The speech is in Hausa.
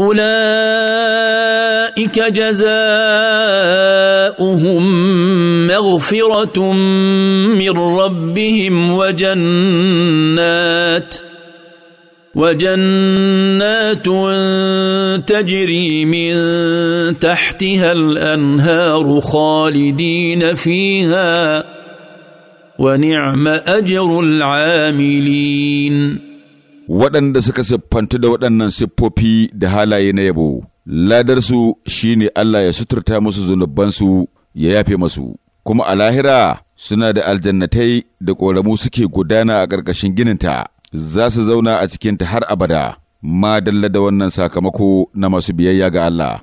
اولئك جزاؤهم مغفره من ربهم وجنات وجنات تجري من تحتها الانهار خالدين فيها ونعم اجر العاملين waɗanda suka siffantu da waɗannan siffofi da halaye na yabo, ladarsu shi ne Allah ya suturta musu zunubansu ya yafe masu, kuma a lahira suna da aljannatai da ƙoramu suke gudana a ƙarƙashin gininta, za su zauna a cikinta har abada, ma dalla da wannan sakamako na masu biyayya ga Allah.